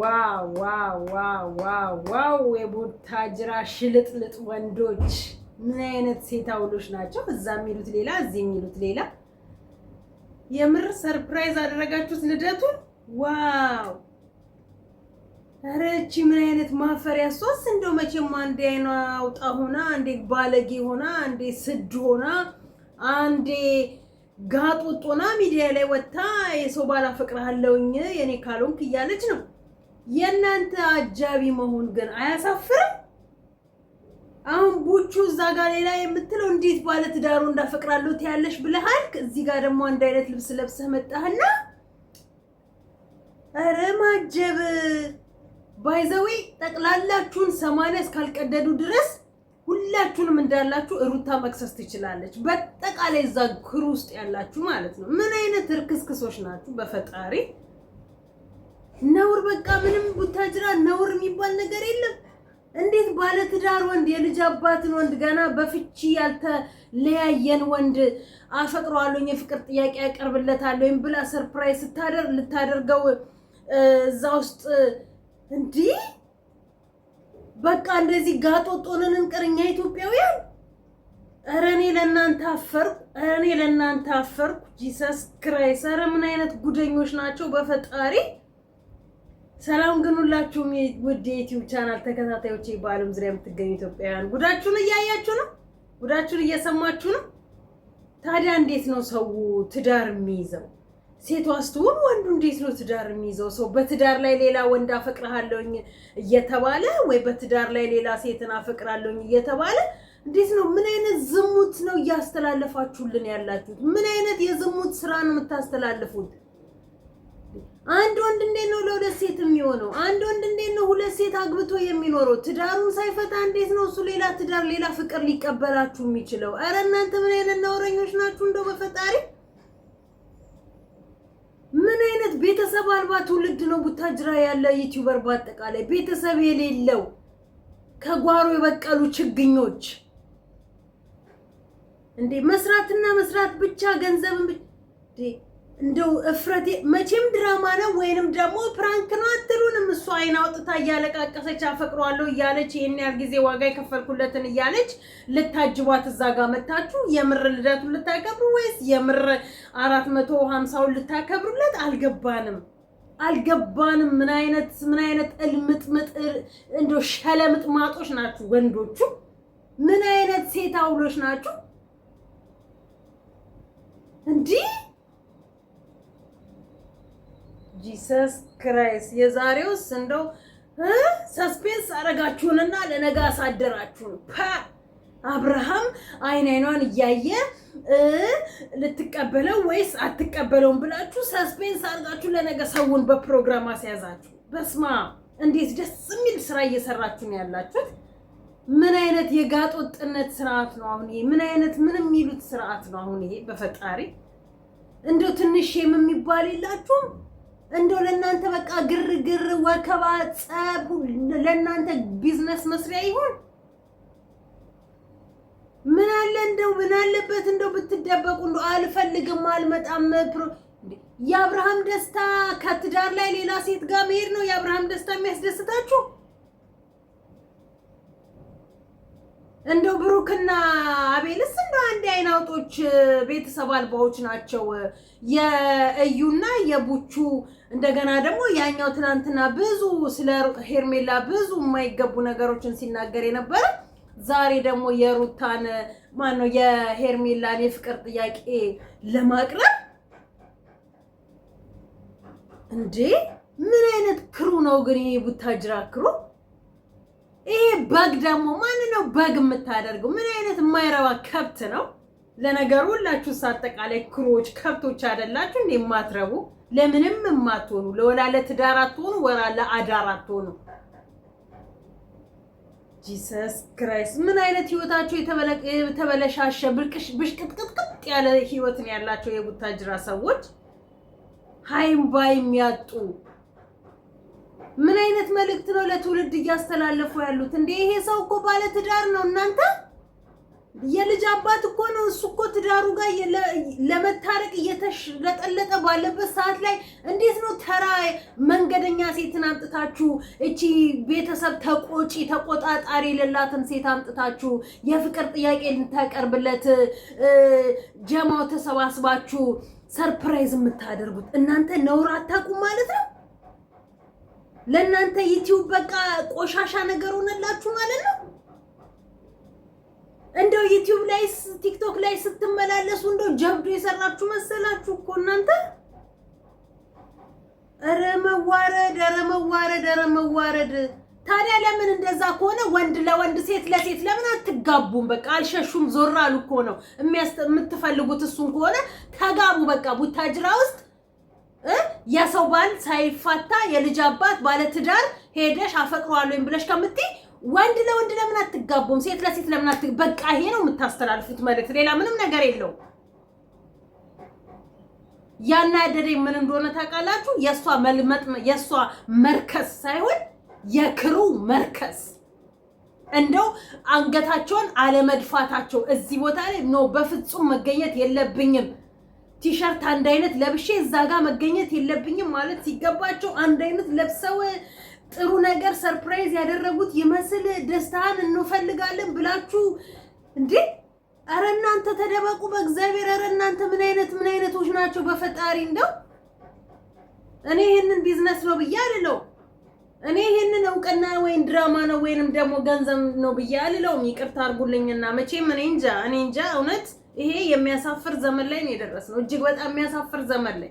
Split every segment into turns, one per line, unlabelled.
ዋው ዋው ዋው ዋው ዋው! የቡታጅራ ሽልጥልጥ ወንዶች ምን አይነት ሴት አውሎች ናቸው? እዛ የሚሉት ሌላ፣ እዚህ የሚሉት ሌላ። የምር ሰርፕራይዝ አደረጋችሁት ልደቱን። ዋው! ኧረ ይህቺ ምን አይነት ማፈሪያ ሶስት! እንደው መቼም አንዴ አይኗ አውጣ ሆና፣ አንዴ ባለጌ ሆና፣ አንዴ ስድ ሆና፣ አንዴ ጋጥ ውጥ ሆና ሚዲያ ላይ ወጥታ የሰው ባላ ፍቅር አለውኝ የኔ ካልሆንክ እያለች ነው የእናንተ አጃቢ መሆን ግን አያሳፍርም? አሁን ቡቹ እዛ ጋር ሌላ የምትለው እንዴት ባለ ትዳሩ እንዳፈቅራለሁ ትያለሽ ብለሃል። እዚህ ጋር ደግሞ አንድ አይነት ልብስ ለብሰህ መጣህና ኧረ ማጀብ ባይዘዊ ጠቅላላችሁን ሰማንያ እስካልቀደዱ ድረስ ሁላችሁንም እንዳላችሁ ሩታ መክሰስ ትችላለች። በጠቃላይ እዛ ክሩ ውስጥ ያላችሁ ማለት ነው። ምን አይነት እርክስክሶች ናችሁ በፈጣሪ ነውር በቃ ምንም ቡታጅራ ነውር የሚባል ነገር የለም። እንዴት ባለ ትዳር ወንድ የልጅ አባትን ወንድ ገና በፍቺ ያልተለያየን ወንድ አፈቅረዋለሁኝ የፍቅር ጥያቄ ያቀርብለታለሁ ወይም ብላ ሰርፕራይዝ ስታደር ልታደርገው እዛ ውስጥ እንዲህ በቃ እንደዚህ ጋጦጦንን እንቅር ኢትዮጵያውያን። ኧረ እኔ ለእናንተ አፈርኩ፣ ኧረ እኔ ለእናንተ አፈርኩ። ጂሰስ ክራይስ! ኧረ ምን አይነት ጉደኞች ናቸው በፈጣሪ ሰላም ግን ሁላችሁም ውድ የዩቲዩብ ቻናል ተከታታዮች በዓለም ዙሪያ የምትገኙ ኢትዮጵያውያን ጉዳችሁን እያያችሁ ነው፣ ጉዳችሁን እየሰማችሁ ነው። ታዲያ እንዴት ነው ሰው ትዳር የሚይዘው? ሴቷ ስትሆን ወንዱ እንዴት ነው ትዳር የሚይዘው? ሰው በትዳር ላይ ሌላ ወንድ አፈቅርሃለሁኝ እየተባለ ወይ በትዳር ላይ ሌላ ሴትን አፈቅራለሁኝ እየተባለ እንዴት ነው? ምን አይነት ዝሙት ነው እያስተላለፋችሁልን ያላችሁት? ምን አይነት የዝሙት ስራ ነው የምታስተላልፉት? አንድ ወንድ እንዴት ነው ለሁለት ሴት የሚሆነው? አንድ ወንድ እንዴት ነው ሁለት ሴት አግብቶ የሚኖረው? ትዳሩን ሳይፈታ እንዴት ነው እሱ ሌላ ትዳር ሌላ ፍቅር ሊቀበላችሁ የሚችለው? እረ እናንተ ምን አይነት ነውረኞች ናችሁ? እንደው በፈጣሪ ምን አይነት ቤተሰብ አልባ ትውልድ ነው ቡታጅራ ያለ ዩቲዩበር በአጠቃላይ ቤተሰብ የሌለው ከጓሮ የበቀሉ ችግኞች እንዴ መስራትና መስራት ብቻ ገንዘብን እንደው እፍረቴ መቼም ድራማ ነው ወይንም ደግሞ ፕራንክ ነው አትሉንም። እሱ አይን አውጥታ እያለቃቀሰች አፈቅሯለሁ እያለች ይህን ያህል ጊዜ ዋጋ የከፈልኩለትን እያለች ልታጅቧት እዛ ጋር መታችሁ የምር ልደቱን ልታከብሩ ወይስ የምር አራት መቶ ሀምሳውን ልታከብሩለት? አልገባንም አልገባንም። ምን አይነት ምን አይነት እልምጥምጥ እንደ ሸለምጥ ማጦች ናችሁ ወንዶቹ? ምን አይነት ሴት አውሎች ናችሁ እንዲህ ጂሰስ ክራይስት የዛሬውስ እንደው ሰስፔንስ አረጋችሁንና ለነገ አሳደራችሁን። አብርሃም አይን አይኗን እያየ ልትቀበለው ወይስ አትቀበለውም ብላችሁ ሰስፔንስ አድርጋችሁ ለነገ ሰውን በፕሮግራም አስያዛችሁ። በስማ እንዴት ደስ የሚል ስራ እየሰራችሁ ነው ያላችሁት። ምን አይነት የጋጥ ወጥነት ስርዓት ነው አሁን ይሄ? ምን አይነት ምን የሚሉት ስርዓት ነው አሁን ይሄ? በፈጣሪ እንደው ትንሽ የሚባል የላችሁም። እንደው ለእናንተ በቃ ግርግር፣ ወከባ፣ ጸብ ለእናንተ ቢዝነስ መስሪያ ይሆን? ምን አለ እንደው ምን አለበት እንደው ብትደበቁ፣ እንደው አልፈልግም፣ አልመጣም። የአብርሃም ደስታ ከትዳር ላይ ሌላ ሴት ጋር መሄድ ነው የአብርሃም ደስታ የሚያስደስታችሁ? እንደው ብሩክና አቤልስ እንደ አንድ አይን አውጦች ቤተሰብ አልባዎች ናቸው። የእዩና የቡቹ እንደገና ደግሞ ያኛው ትናንትና ብዙ ስለ ሄርሜላ ብዙ የማይገቡ ነገሮችን ሲናገር የነበረ ዛሬ ደግሞ የሩታን ማነው የሄርሜላን የፍቅር ጥያቄ ለማቅረብ እንዴ! ምን አይነት ክሩ ነው ግን ይሄ ቡታጅራ ክሩ ይሄ በግ ደግሞ ማን ነው በግ የምታደርገው? ምን አይነት የማይረባ ከብት ነው? ለነገሩ ሁላችሁ አጠቃላይ ክሮች ከብቶች አይደላችሁ እንዴ? የማትረቡ ለምንም የማትሆኑ ለወላ ለትዳር አትሆኑ፣ ወራ ለአዳር አትሆኑ። ጂሰስ ክራይስት! ምን አይነት ህይወታቸው የተበለሻሸ ብሽቅጥቅጥቅጥ ያለ ህይወትን ያላቸው የቡታጅራ ሰዎች ሀይም ባይም ያጡ ምን አይነት መልእክት ነው ለትውልድ እያስተላለፉ ያሉት? እንደ ይሄ ሰው እኮ ባለ ትዳር ነው እናንተ የልጅ አባት እኮ ነው። እሱ እኮ ትዳሩ ጋር ለመታረቅ እየተሽለጠለጠ ባለበት ሰዓት ላይ እንዴት ነው ተራ መንገደኛ ሴትን አምጥታችሁ እቺ ቤተሰብ ተቆጪ ተቆጣጣሪ የሌላትን ሴት አምጥታችሁ የፍቅር ጥያቄ ልታቀርብለት ጀማው ተሰባስባችሁ ሰርፕራይዝ የምታደርጉት እናንተ ነውር አታውቁም ማለት ነው። ለእናንተ ዩቲዩብ በቃ ቆሻሻ ነገር ሆነላችሁ ማለት ነው። እንደው ዩቲዩብ ላይ ቲክቶክ ላይ ስትመላለሱ እንደው ጀብዱ የሰራችሁ መሰላችሁ እኮ እናንተ። ኧረ መዋረድ፣ ኧረ መዋረድ፣ ኧረ መዋረድ። ታዲያ ለምን እንደዛ ከሆነ ወንድ ለወንድ ሴት ለሴት ለምን አትጋቡም? በቃ አልሸሹም ዞር አሉ እኮ ነው የምትፈልጉት። እሱን ከሆነ ተጋቡ በቃ ቡታጅራ ውስጥ የሰው ባል ሳይፋታ የልጅ አባት ባለትዳር ሄደሽ አፈቅረዋለሁ ብለሽ ከምትይ ወንድ ለወንድ ለምን አትጋቡም? ሴት ለሴት ለምን አት በቃ ይሄ ነው የምታስተላልፉት መልእክት፣ ሌላ ምንም ነገር ያና ያናደደኝ ምን እንደሆነ ታውቃላችሁ? የእሷ መልመጥ የእሷ መርከስ ሳይሆን የክሩ መርከስ እንደው አንገታቸውን አለመድፋታቸው እዚህ ቦታ ላይ ኖ በፍጹም መገኘት የለብኝም ቲሸርት አንድ አይነት ለብሼ እዛ ጋር መገኘት የለብኝም ማለት ሲገባቸው አንድ አይነት ለብሰው ጥሩ ነገር ሰርፕራይዝ ያደረጉት ይመስል ደስታን እንፈልጋለን ብላችሁ እንዴ! ኧረ እናንተ ተደበቁ በእግዚአብሔር። ኧረ እናንተ ምን አይነት ምን አይነቶች ናቸው? በፈጣሪ እንደው እኔ ይህንን ቢዝነስ ነው ብዬ አልለው እኔ ይሄንን እውቅና ወይም ድራማ ነው ወይንም ደግሞ ገንዘብ ነው ብዬ አልለውም። ይቅርታ አድርጉልኝና መቼም እኔ እንጃ እኔ እንጃ እውነት ይሄ የሚያሳፍር ዘመን ላይ ነው የደረስነው፣ እጅግ በጣም የሚያሳፍር ዘመን ላይ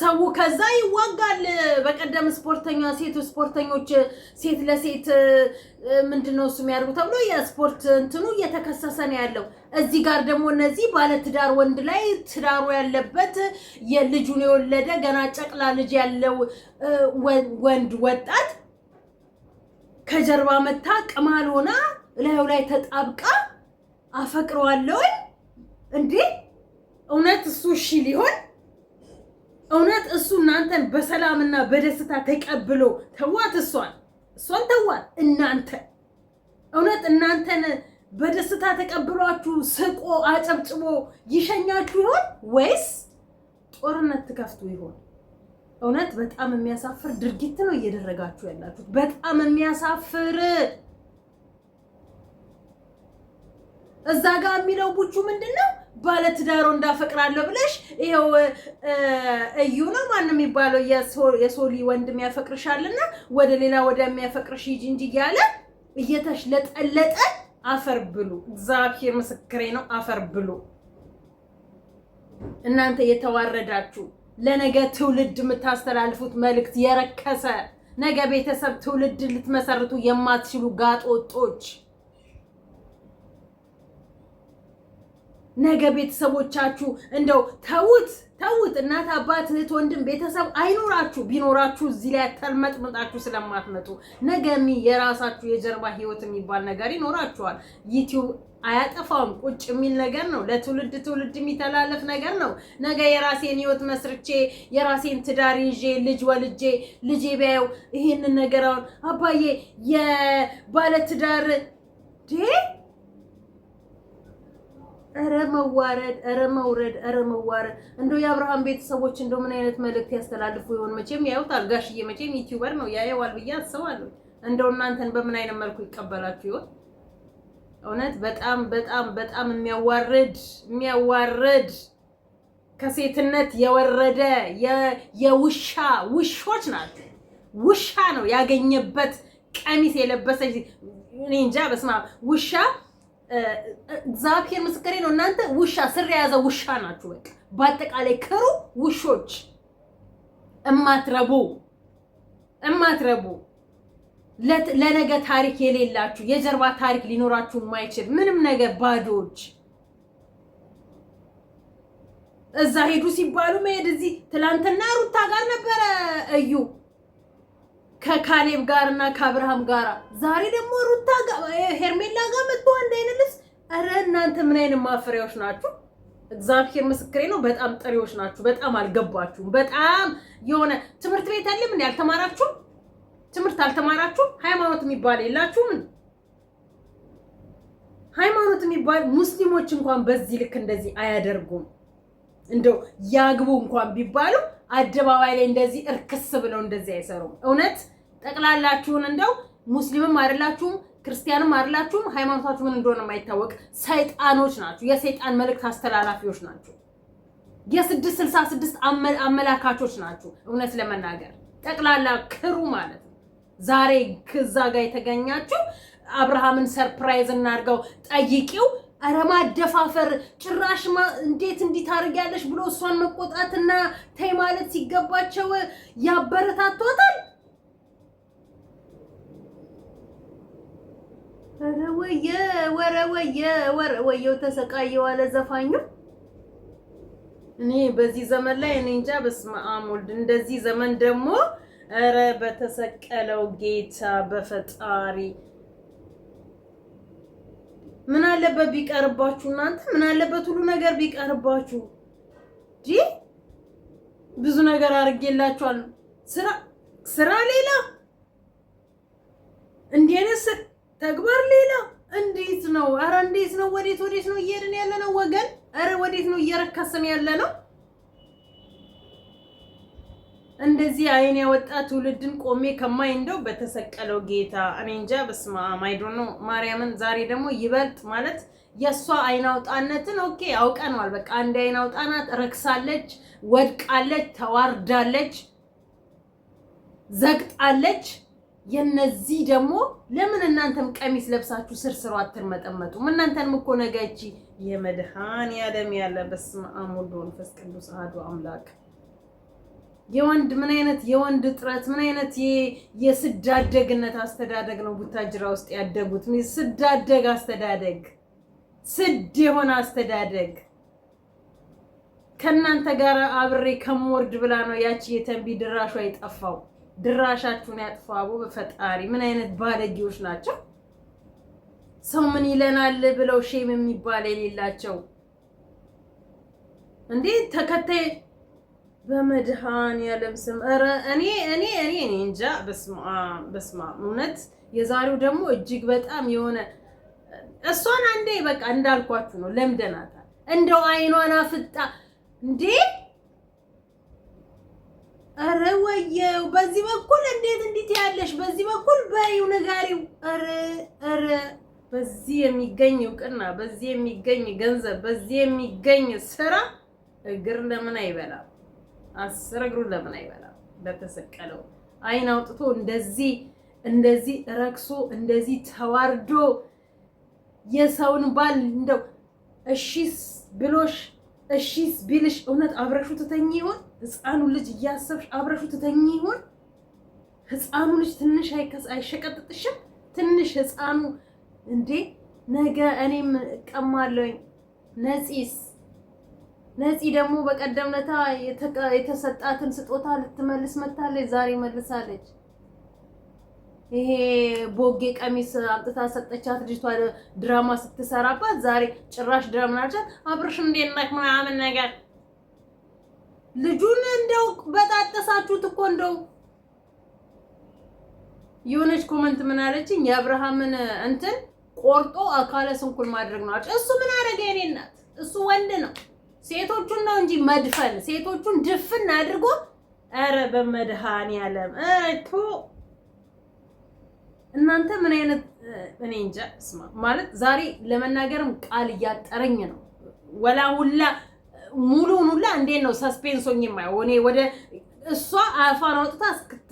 ሰው ከዛ ይዋጋል። በቀደም ስፖርተኛ ሴት ስፖርተኞች ሴት ለሴት ምንድነው እሱ የሚያደርጉ ተብሎ የስፖርት እንትኑ እየተከሰሰ ነው ያለው። እዚህ ጋር ደግሞ እነዚህ ባለትዳር ወንድ ላይ ትዳሩ ያለበት የልጁን የወለደ ገና ጨቅላ ልጅ ያለው ወንድ ወጣት ከጀርባ መታ ቅማል ሆና እላዩ ላይ ተጣብቃ አፈቅረዋለሁኝ እንዴ! እውነት እሱ እሺ ሊሆን እውነት እሱ እናንተን በሰላምና በደስታ ተቀብሎ ተዋት። እሷን እሷን ተዋት። እናንተ እውነት እናንተን በደስታ ተቀብሏችሁ ስቆ አጨብጭቦ ይሸኛችሁ ይሆን ወይስ ጦርነት ትከፍቱ ይሆን? እውነት በጣም የሚያሳፍር ድርጊት ነው እየደረጋችሁ ያላችሁት። በጣም የሚያሳፍር እዛ ጋር የሚለው ቡቹ ምንድን ነው? ባለትዳሮ እንዳፈቅራለሁ ብለሽ ይኸው እዩ ነው ማን የሚባለው የሶሊ ወንድም ያፈቅርሻልና ወደ ሌላ የሚያፈቅርሽ ሂጂ እንጂ እያለ እየተሽለጠለጠ አፈር ብሉ። እግዚአብሔር ምስክሬ ነው። አፈር ብሉ። እናንተ የተዋረዳችሁ ለነገ ትውልድ የምታስተላልፉት መልእክት የረከሰ ነገ ቤተሰብ ትውልድ ልትመሰርቱ የማትችሉ ጋጦጦች ነገ ቤተሰቦቻችሁ እንደው ተውት ተውት፣ እናት አባት፣ እህት፣ ወንድም ቤተሰብ አይኖራችሁ። ቢኖራችሁ እዚህ ላይ ተልመጥመጣችሁ ስለማትመጡ ነገ የራሳችሁ የጀርባ ህይወት የሚባል ነገር ይኖራችኋል። ዩቲዩብ አያጠፋውም። ቁጭ የሚል ነገር ነው። ለትውልድ ትውልድ የሚተላለፍ ነገር ነው። ነገ የራሴን ህይወት መስርቼ የራሴን ትዳር ይዤ ልጅ ወልጄ ልጄ ቢያየው ይህንን ነገር አሁን አባዬ የባለ ትዳር እረ መዋረድ፣ እረ መውረድ፣ እረ መዋረድ። እንደው የአብርሃም ቤተሰቦች እንደው ምን አይነት መልእክት ያስተላልፉ ይሆን? መቼም ያዩታል ጋሽዬ፣ መቼም ዩቲዩበር ነው ያየዋል ብዬ አስባለሁ። እንደው እናንተን በምን አይነት መልኩ ይቀበላችሁ ይሆን? እውነት በጣም በጣም በጣም የሚያዋርድ የሚያዋርድ ከሴትነት የወረደ የውሻ ውሾች ናት። ውሻ ነው ያገኘበት ቀሚስ የለበሰች እኔ እንጃ በስማ ውሻ እግዚአብሔር ምስክሬ ነው። እናንተ ውሻ ስር የያዘ ውሻ ናችሁ። በቃ በአጠቃላይ ክሩ ውሾች፣ እማትረቡ እማትረቡ ለነገ ታሪክ የሌላችሁ የጀርባ ታሪክ ሊኖራችሁ የማይችል ምንም ነገር ባዶዎች። እዛ ሄዱ ሲባሉ መሄድ እዚህ ትላንትና ሩታ ጋር ነበረ እዩ ከካሌብ ጋር እና ከአብርሃም ጋር ዛሬ ደግሞ ሩታ ሄርሜላ ጋር መጥቶ አንድ አይነት ልብስ። እረ እናንተ ምን አይነት ማፈሪያዎች ናችሁ? እግዚአብሔር ምስክሬ ነው። በጣም ጥሪዎች ናችሁ። በጣም አልገባችሁም። በጣም የሆነ ትምህርት ቤት አለ ምን ያልተማራችሁ ትምህርት አልተማራችሁም? ሃይማኖት የሚባል የላችሁም? ሃይማኖት የሚባል ሙስሊሞች እንኳን በዚህ ልክ እንደዚህ አያደርጉም። እንደው ያግቡ እንኳን ቢባሉ አደባባይ ላይ እንደዚህ እርክስ ብለው እንደዚህ አይሰሩም። እውነት ጠቅላላችሁን እንደው ሙስሊምም አይደላችሁም ክርስቲያንም አይደላችሁም ሃይማኖታችሁ ምን እንደሆነ የማይታወቅ ሰይጣኖች ናችሁ። የሰይጣን መልእክት አስተላላፊዎች ናችሁ። የስድስት ስልሳ ስድስት አመላካቾች ናችሁ። እውነት ለመናገር ጠቅላላ ክሩ ማለት ነው። ዛሬ ከዛ ጋር የተገኛችሁ አብርሃምን ሰርፕራይዝ እናድርገው ጠይቂው ኧረ ማደፋፈር ጭራሽ እንዴት እንዲህ ብሎ እሷን መቆጣትና ተይ ማለት ሲገባቸው ያበረታቷታል። ወየ ወረ ወየ ወረ ወየው ተሰቃየው አለ ዘፋኙ። እኔ በዚህ ዘመን ላይ እኔ እንጃ። በስመ አብ ወልድ እንደዚህ ዘመን ደግሞ ኧረ በተሰቀለው ጌታ በፈጣሪ ምን አለበት ቢቀርባችሁ እናንተ ምን አለበት ሁሉ ነገር ቢቀርባችሁ እንጂ ብዙ ነገር አድርጌላችኋል። ስራ ስራ ሌላ እንዲህ አይነት ተግባር ሌላ። እንዴት ነው? አረ እንዴት ነው? ወዴት ወዴት ነው እየሄድን ያለ ነው ወገን? አረ ወዴት ነው እየረከስን ያለ ነው? እንደዚህ አይን ያወጣ ትውልድን ቆሜ ከማይ እንደው በተሰቀለው ጌታ እኔ እንጃ። በስመ አብ አይ ዶንት ኖ ማርያምን። ዛሬ ደግሞ ይበልጥ ማለት የእሷ አይናውጣነትን ኦኬ አውቀነዋል። በቃ አንድ አይናውጣ ናት፣ ረክሳለች፣ ወድቃለች፣ ተዋርዳለች፣ ዘግጣለች። የነዚህ ደግሞ ለምን እናንተም ቀሚስ ለብሳችሁ ስርስሮ አትርመጠመጡም? እናንተንም እኮ ነጋቺ የመድኃኔዓለም ያለ በስመ አብ ወወልድ ወመንፈስ ቅዱስ አሐዱ አምላክ። የወንድ ምን አይነት የወንድ ጥረት ምን አይነት የስዳደግነት አስተዳደግ ነው? ቡታጅራ ውስጥ ያደጉት ስዳደግ አስተዳደግ ስድ የሆነ አስተዳደግ ከእናንተ ጋር አብሬ ከምወርድ ብላ ነው ያቺ የተንቢ ድራሿ የጠፋው። ድራሻችሁን ያጥፋ። አቦ በፈጣሪ ምን አይነት ባለጌዎች ናቸው? ሰው ምን ይለናል ብለው ሼም የሚባል የሌላቸው እንዴ ተከታይ በመድኃኔዓለም ስም ኧረ እኔ እኔ እኔ እኔ እንጃ። በስማ በስማ እውነት የዛሬው ደግሞ እጅግ በጣም የሆነ እሷን አንዴ በቃ እንዳልኳችሁ ነው ለምደናታል። እንደው አይኗን አፍጣ እንዴ አረ ወየው! በዚህ በኩል እንዴት እንዴት ያለሽ በዚህ በኩል በይው ነጋሪው። አረ አረ በዚህ የሚገኝ እውቅና፣ በዚህ የሚገኝ ገንዘብ፣ በዚህ የሚገኝ ስራ እግር ለምን አይበላም? አስር እግሩ ለምን አይበላም? ለተሰቀለው አይን አውጥቶ እንደዚህ እንደዚህ ረክሶ እንደዚህ ተዋርዶ የሰውን ባል እንደው እሺስ ብሎሽ እሺስ ቢልሽ እውነት አብረሹ ትተኝ ይሆን? ህፃኑ ልጅ እያሰብሽ አብረሹ ትተኝ ይሆን? ህፃኑ ልጅ ትንሽ አይሸቀጥጥሽም? ትንሽ ህፃኑ እንዴ ነገ እኔም እቀማለኝ። ነፂስ ነፂ ደግሞ በቀደምነታ የተሰጣትን ስጦታ ልትመልስ መታለች። ዛሬ መልሳለች። ይሄ ቦጌ ቀሚስ አምጥታ ሰጠቻት ልጅቷ ድራማ ስትሰራባት ዛሬ ጭራሽ ድራማ ናርቻት አብርሽ እንዴት ነህ ምናምን ነገር ልጁን እንደው በጣጠሳችሁት እኮ እንደው የሆነች ኮመንት ምን አለችኝ? የአብርሃምን እንትን ቆርጦ አካለ ስንኩል ማድረግ ነው እሱ ምን አደረገ? የኔ እናት እሱ ወንድ ነው። ሴቶቹን ነው እንጂ መድፈን፣ ሴቶቹን ድፍን አድርጎ ኧረ በመድኃኒዓለም እቱ እናንተ ምን አይነት እኔ እንጃ። ማለት ዛሬ ለመናገርም ቃል እያጠረኝ ነው ወላ ሁላ ሙሉውን ሁላ እንዴት ነው ሰስፔንሶኝ የማየው እኔ ወደ እሷ አፋን አውጥታ እስክት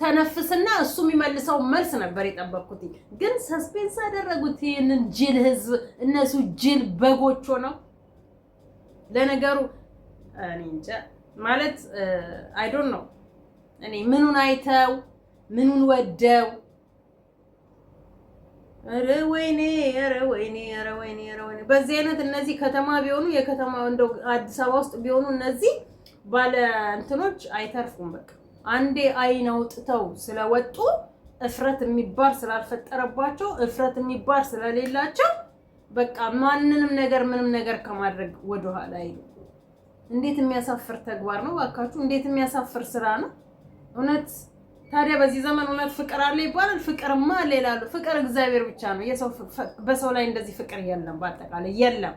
ተነፍስና እሱ የሚመልሰው መልስ ነበር የጠበቅኩት። ግን ሰስፔንስ ያደረጉት ይህንን ጅል ህዝብ፣ እነሱ ጅል በጎቾ ነው። ለነገሩ እኔ እንጃ ማለት አይዶን ነው እኔ ምኑን አይተው ምኑን ወደው ኧረ ወይኔ ኧረ ወይኔ ኧረ ወይኔ ኧረ ወይኔ። በዚህ አይነት እነዚህ ከተማ ቢሆኑ የከተማ እንደው አዲስ አበባ ውስጥ ቢሆኑ እነዚህ ባለ እንትኖች አይተርፉም። በቃ አንዴ አይን አውጥተው ስለወጡ እፍረት የሚባል ስላልፈጠረባቸው እፍረት የሚባል ስለሌላቸው በቃ ማንንም ነገር ምንም ነገር ከማድረግ ወደኋላ አይሉ። እንዴት የሚያሳፍር ተግባር ነው ባካችሁ! እንዴት የሚያሳፍር ስራ ነው እውነት ታዲያ በዚህ ዘመን እውነት ፍቅር አለ ይባላል? ፍቅርማ አለ ይላሉ። ፍቅር እግዚአብሔር ብቻ ነው። በሰው ላይ እንደዚህ ፍቅር የለም፣ በአጠቃላይ የለም።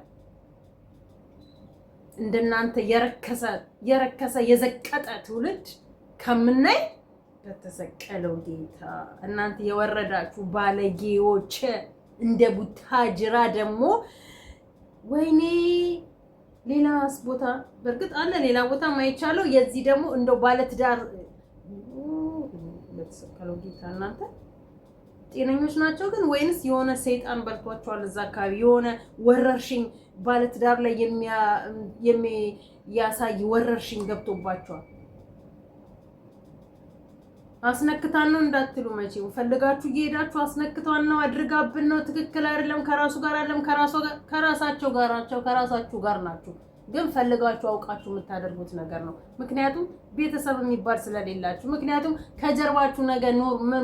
እንደናንተ የረከሰ የረከሰ የዘቀጠ ትውልድ ከምናይ በተሰቀለው ጌታ እናንተ የወረዳችሁ ባለጌዎች፣ እንደ ቡታጅራ ደግሞ ወይኔ ሌላስ ቦታ በእርግጥ አለ ሌላ ቦታ ማይቻለው የዚህ ደግሞ እንደው ባለትዳር የተሰቀለው ጌታ እናንተ ጤነኞች ናቸው ግን ወይንስ የሆነ ሰይጣን በልቷቸዋል? እዛ አካባቢ የሆነ ወረርሽኝ ባለትዳር ላይ የሚያሳይ ወረርሽኝ ገብቶባቸዋል። አስነክታን ነው እንዳትሉ መቼም ፈልጋችሁ እየሄዳችሁ አስነክቷን ነው አድርጋብን ነው ትክክል አይደለም። ከራሱ ጋር አይደለም ከራሳቸው ጋር ናቸው። ከራሳችሁ ጋር ናችሁ። ግን ፈልጋችሁ አውቃችሁ የምታደርጉት ነገር ነው። ምክንያቱም ቤተሰብ የሚባል ስለሌላችሁ፣ ምክንያቱም ከጀርባችሁ ነገ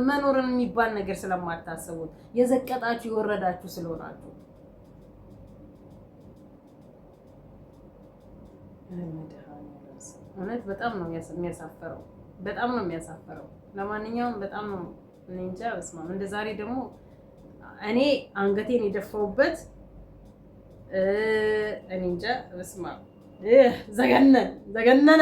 መኖርን የሚባል ነገር ስለማታስቡት የዘቀጣችሁ የወረዳችሁ ስለሆናችሁ እውነት በጣም ነው የሚያሳፈረው። በጣም ነው የሚያሳፈረው። ለማንኛውም በጣም ነው እኔ እንጃ። በስመ አብ እንደ ዛሬ ደግሞ እኔ አንገቴን የደፋውበት እኔ እንጃ በስመ አብ ዘገነን ዘገነነ